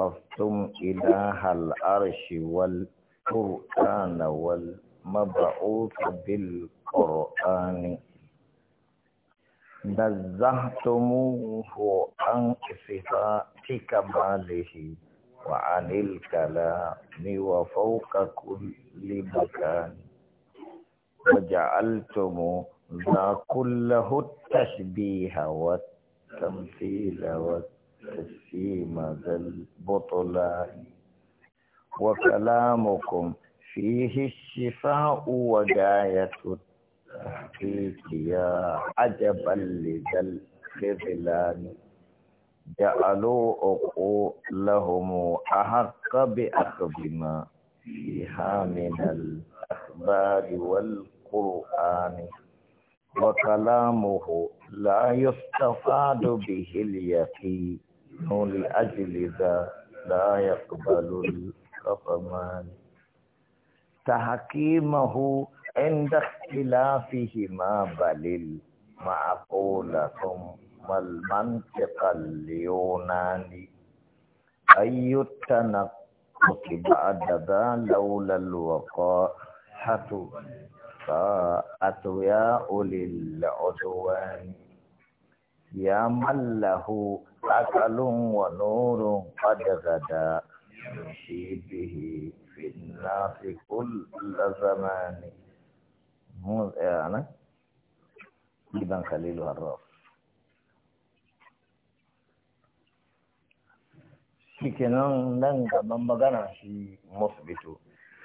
أخذتم إله العرش والقرآن والمبعوث بالقرآن نزهتموه عن صفات كماله وعن الكلام وفوق كل مكان وجعلتم ذا كله التشبيه والتمثيل والتمثيل السيم ذا البطلاء وكلامكم فيه الشفاء وجاية التحقيق يا عجبا لذا الخذلان جعلوا لهم أحق بأخذ ما فيها من الأخبار والقرآن وكلامه لا يستفاد به اليقين لأجل ذا لا يقبل الكفمان تحكيمه عند اختلافهما بل معقولكم ما المنطق اليوناني أي التنقص بعد ذا لولا الوقاحة فأتوياء للعدوان ya mallahu akalun wa nurun qad gada bihi fi nasi kull zamani mu tsaya nan khalilu harraf shikenan nan gaban magana shi musbitu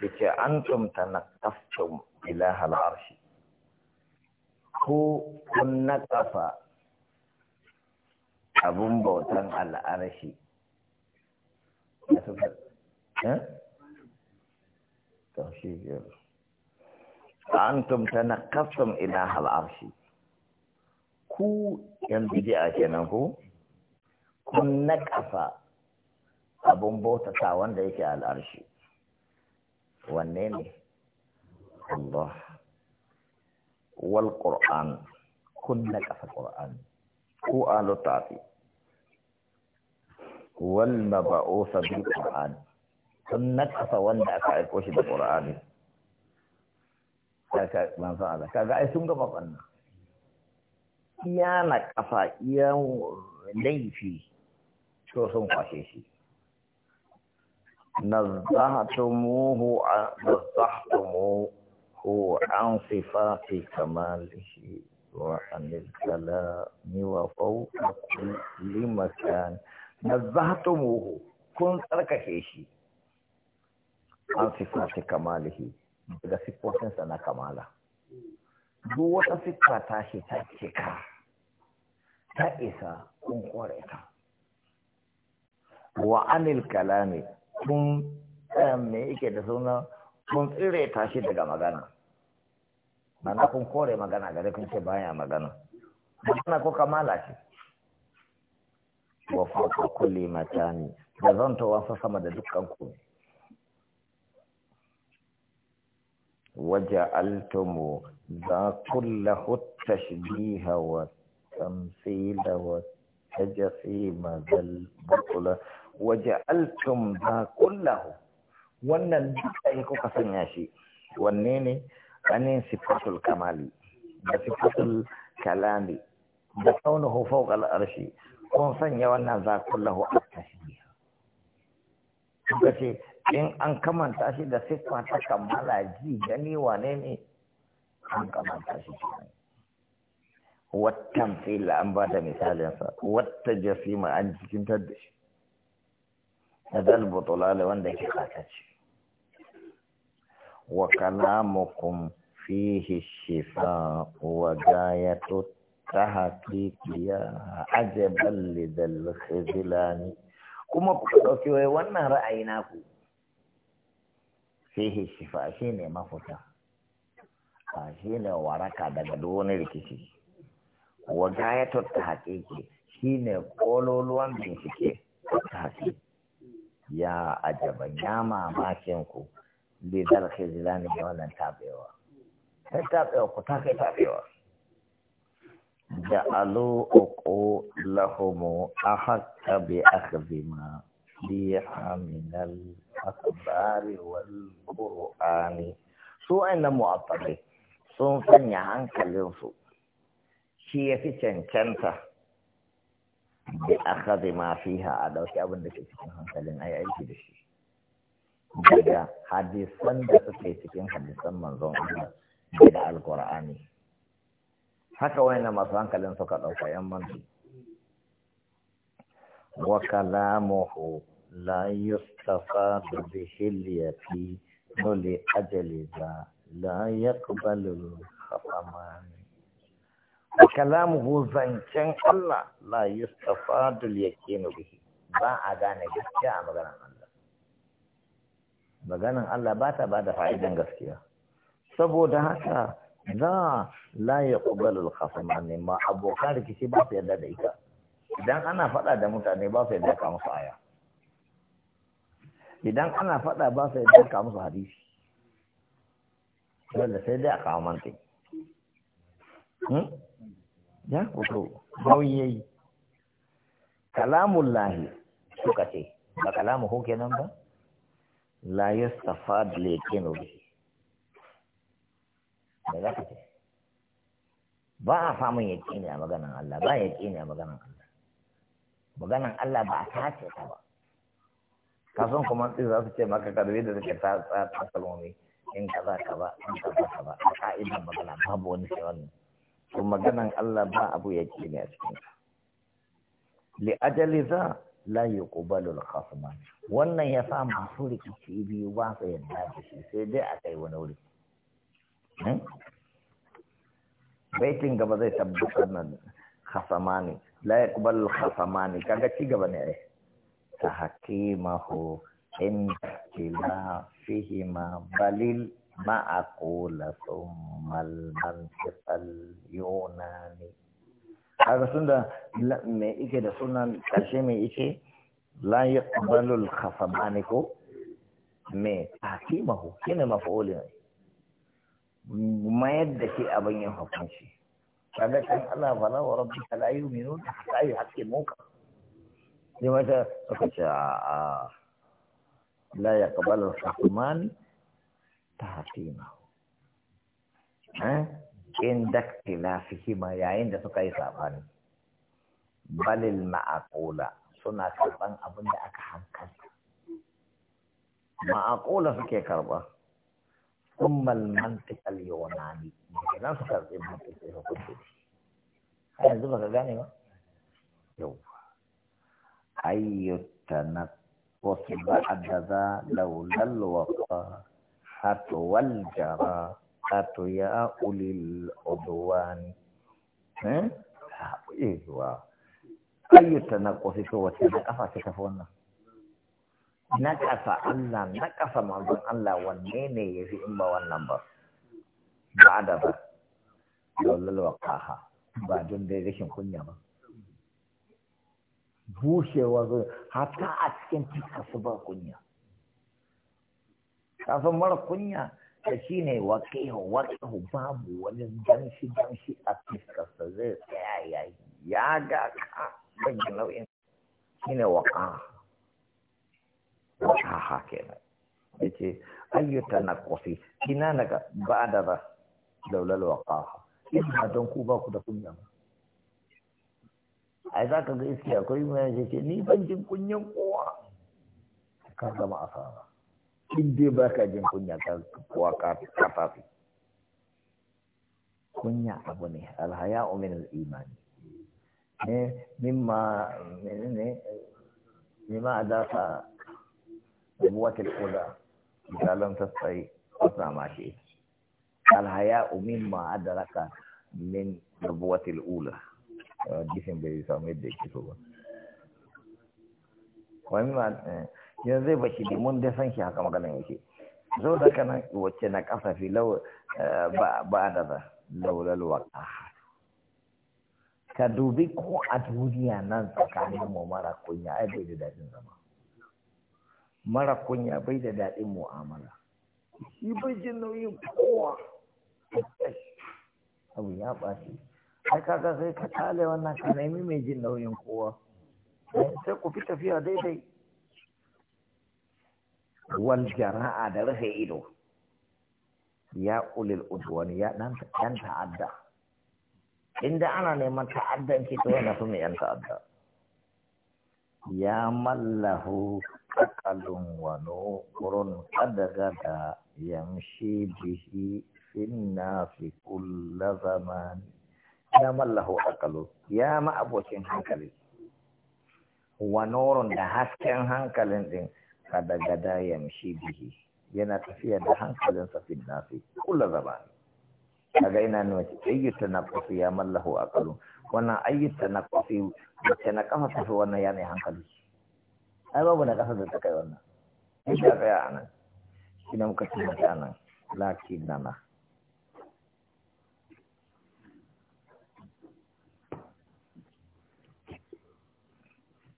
yace antum tanaqqaftum ila al ko kun naqafa abun bautan al'arashi da suka eh? al'arshi ku yan a kenan ku kun na kafa abun bautata wanda yake al'arshi wanne ne Allah wal Qur'an kun kafa Qur'an ku alu ta'ati wal mab'usa bil qur'an sun nakasa wanda aka aiko shi da qur'ani kaga fa Allah kaga ai sun gama banna iya na kafa iya laifi to sun kwashe shi nazahtumuhu nazahtumuhu an sifati kamalihi وعن الكلام وفوق كل مكان nazzahtumu kun tsarkake shi an sifati kamalihi daga sifofinsa na kamala duk wata siffa ta shi ta cika ta isa kun kore ta wa anil kalami kun me yake da suna kun tsire ta shi daga magana mana kun kore magana ga kun ce baya magana magana ko kamala ce wa fawqa kulli makani da zanto wasa sama da dukkan ku وجعلتم wa كله wa والتمثيل والتجسيم ذا البطل وجعلتم za كله wannan duka ya kuka sanya shi wanne ne anin sifatul kamali da sifatul kalami da kaunuhu fawqa al-arshi kun sanya wannan za lahu a tasbiya kuka ce in an kamanta shi da siffa ta kammala ji gani wane ne an kamanta shi kenan wattan fila an ba da misalinsa wata jasima an jikintar da shi na dalbutulale wanda ke ce. wa kalamukum fihi shifa wa gayatu tahaqiqiya ajaban lidal khizlani kuma ku dauki wai wannan ra'ayi naku sai shifa shi ne mafuta a shi ne waraka daga duk wani rikici wa gayatu tahaqiqi shi ne kololuwan bincike tahaqiqi ya aje ba ya mamakin ku lidal khizlani wannan tabewa ta tabewa ku ta kai tabewa ja'alu uqu lahumu ahakka bi akhdhi biha min akhbari wal qur'ani su aina mu'attali sun sanya hankalinsu shi ya fi cancanta da aka zai mafiha a ɗauki abin da ke cikin hankalin a aiki da shi daga hadisan da suke cikin hadisan manzon Allah da alkur'ani haka wani masu hankalin suka ɗauka ‘yan mantu. Wa kalamuhu la yustafa da fi dole ajali ba la ya kubalu mani. Wa kalamuhu zancen Allah la yustafa da yakinu bihi ba a gane gaskiya a maganan Allah. Maganan Allah ba ta ba da fa'idan gaskiya. Saboda haka za la ya ƙubalu alkhasama ne ma abokan rikici ba su yarda da ita idan ana faɗa da mutane ba su yarda ka musu aya idan ana faɗa ba su yarda ka musu hadisi wanda sai dai a kawo mantin hmm? ya kuto nauyi kalamun lahi suka ce ba kalamu ho kenan ba la yastafad lekinu bihi da za ka ba a samun yaƙini a maganan Allah ba yaƙini a maganan Allah maganan Allah ba a tace ta ba kasan kuma sai za su ce maka karbe da suke ta ta ka in kaza ba in ka ba a ka'idan magana babu wani sai wannan to maganan Allah ba abu yaƙini a cikin li ajali za la yuqbalu al khasma wannan ya sa masu rikici biyu ba su yadda da shi sai dai a kai wani wuri baitin hmm? gaba zai tabbatar nan khasamani la yaqbal khasamani kaga ci gaba ne ai tahkimahu in kila ma balil ma aqula thumma al-mantiq al-yunani kaga sunda me ike da sunan karshe me ike la yaqbalu al-khasamani ko me tahkimahu kina maf'ulin mayar da shi abin yin shi kaga kan Allah fala wa rabbika la yu'minu hatta yuhaqqimuka sai mata suka ce a la yaqbalu rahman tahtima eh in daktila fihima yayin da suka yi sabani balil ma'aqula suna karban abin da aka hankali. ma'aqula suke karba ثم المنطق اليوناني نفكر في يعني المنطق اليوناني هل نزبط الثاني ما؟ أي التنقص بعد ذا لولا الوقع حت والجرى حت يا أولي الأدوان ها؟ أيوه. أي التنقص شو وشنا أفا تتفونا na ƙasa Allah na ƙasa manzon Allah wanne ne ya fi in ba wannan ba ba da ba lallal waqaha ba don dai rashin kunya ba bushewa zo hata a cikin su ba kunya kafin mara kunya da shi ne waƙehu babu wani danshi danshi a sa zai tsaya ya ga ka nau'in shi ne waƙaha shaha kenan yace ayyuta na kofi kina naga ba da ba daulal waqaha ina don ku ba ku da kunya ba ai za ka ga iske akwai mai yace ni ban jin kunyan kowa ka zama asara in dai ba ka jin kunya ka kowa ka kafafi kunya abu ne alhaya min al-imani ne eh, mimma menene mimma adaka mu wata ƙuda misalin sassai a samashe alhaya umin ma a daraka min dubu wata ƙula a eh, bai samu yadda ya kito ba wani ma eh, yin zai ba shi limon da san shi haka maganin yake zo da kanan wacce na ƙasa lau eh, ba a daza laulal waka ka dubi ko a duniya nan tsakanin mu mara kunya ai da daɗin zama mara kunya bai da daɗin mu'amala shi bai jin nauyin kowa abu ya ɓaci ai kaga sai ka tale wannan ka nemi mai jin nauyin kowa sai ku fi tafiya daidai wal jara'a da rufe ido ya ulil udwan ya dan ta'adda inda ana neman ta'addan to yana so mai yan ta'adda ya mallahu akalun wano kurun adaga da yamshi bihi finna fi kulla zaman ya mallahu akalu ya ma abokin hankali wa nurun da hasken hankalin din kada gada yamshi bihi yana tafiya da hankalinsa fi nafi kulla zaman kaga ina nuna ayyuta na ya mallahu akalu wannan ayyuta na kofi wacce na kafa tafi wannan ya ne hankali ai babu na ƙasar da ta kai wannan Ina ga tsaya anan. ina shi na muka ce mata nan lakin nana